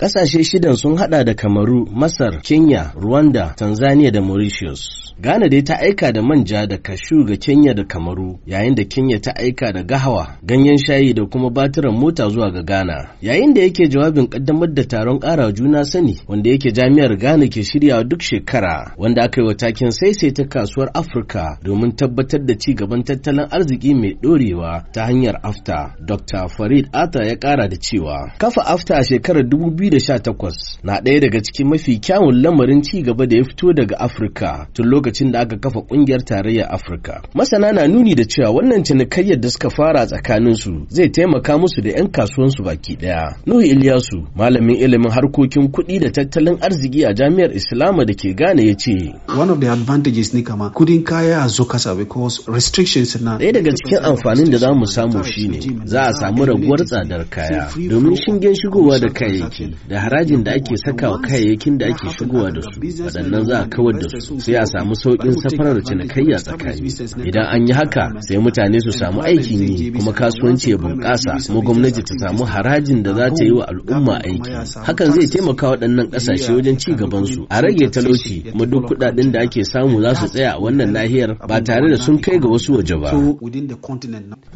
Ƙasashe shidan sun haɗa da Kamaru, Masar, Kenya, Rwanda, Tanzania da Mauritius. Ghana dai ta aika da manja da kashu ga Kenya da Kamaru, yayin da Kenya ta aika da gahawa, ganyen shayi da kuma batiran mota zuwa ga Ghana. Yayin da yake jawabin ƙaddamar da taron ƙara juna sani, wanda yake jami'ar Ghana ke shiryawa duk shekara, wanda aka yi wa takin ta kasuwar Afirka domin tabbatar da ci gaban tattalin arziki mai ɗorewa ta hanyar AFTA. Dr. Farid Ata ya ƙara da cewa, kafa AFTA a shekarar 2000 2018 na ɗaya daga cikin mafi kyawun lamarin ci gaba da ya fito daga Afirka tun lokacin da aka kafa ƙungiyar tarayyar Afirka. Masana na nuni da cewa wannan cinikayyar da suka fara tsakanin su zai taimaka musu da 'yan kasuwansu baki ɗaya. Nuhu Ilyasu, malamin ilimin harkokin kuɗi da tattalin arziki a Jami'ar Islama da ke Ghana ya ce. One of the advantages ni kama kuɗin kaya a zo kasa because restrictions na. Ɗaya daga cikin amfanin da za mu samu shine za a samu raguwar tsadar kaya domin shingen shigowa da kayayyaki da harajin da ake saka wa kayayyakin da ake shigowa da su waɗannan za a kawar da su sai a samu sauƙin safarar cinikayya tsakani idan an yi haka sai mutane su samu aikin yi kuma kasuwanci ya bunƙasa kuma gwamnati ta samu harajin da za ta yi wa al'umma aiki hakan zai taimaka waɗannan ƙasashe wajen ci gaban su a rage talauci kuma duk kuɗaɗen da ake samu za su tsaya a wannan nahiyar ba tare da sun kai ga wasu waje ba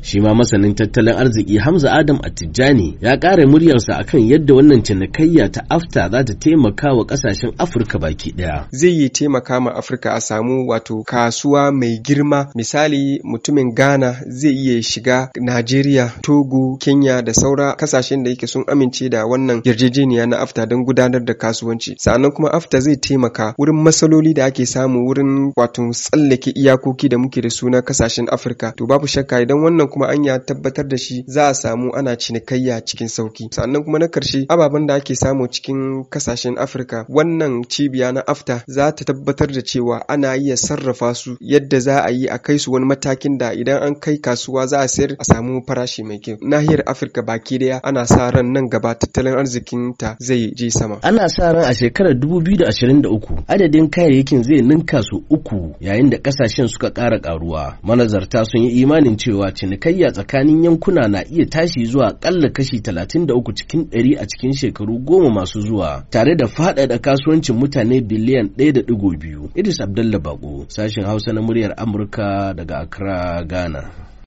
shi ma masanin tattalin arziki hamza adam Tijjani ya ƙara muryarsa akan yadda wannan cinikayya cinikayya ta afta za ta taimaka wa kasashen afirka baki daya zai yi taimaka ma afirka a samu wato kasuwa mai girma misali mutumin ghana zai iya shiga najeriya togo kenya da saura kasashen da yake sun amince da wannan yarjejeniya na afta don gudanar da kasuwanci sa'annan kuma afta zai taimaka wurin matsaloli da ake samu wurin wato tsallake iyakoki da muke da suna kasashen afirka to babu shakka idan wannan kuma an ya tabbatar da shi za a samu ana cinikayya cikin sauki sa'annan kuma na ƙarshe ababen da ake samu cikin kasashen Afirka wannan cibiya na AFTA za ta tabbatar da cewa ana iya sarrafa su yadda za a yi a kai su wani matakin da idan an kai kasuwa za a sayar a samu farashi mai kyau. Nahiyar Afirka baki daya ana sa ran nan gaba tattalin arzikin ta zai je sama. Ana sa ran a shekarar 2023 adadin kayayyakin zai ninka su uku yayin da kasashen suka kara karuwa Manazarta sun yi imanin cewa cinikayya tsakanin yankuna na iya tashi zuwa ƙalla kashi 33 cikin 100 a cikin shekaru shekaru goma masu zuwa tare da faɗaɗa kasuwancin mutane biliyan ɗaya da ɗigo biyu. Idris Abdallah Bako, sashen Hausa na muryar Amurka daga Accra, Ghana.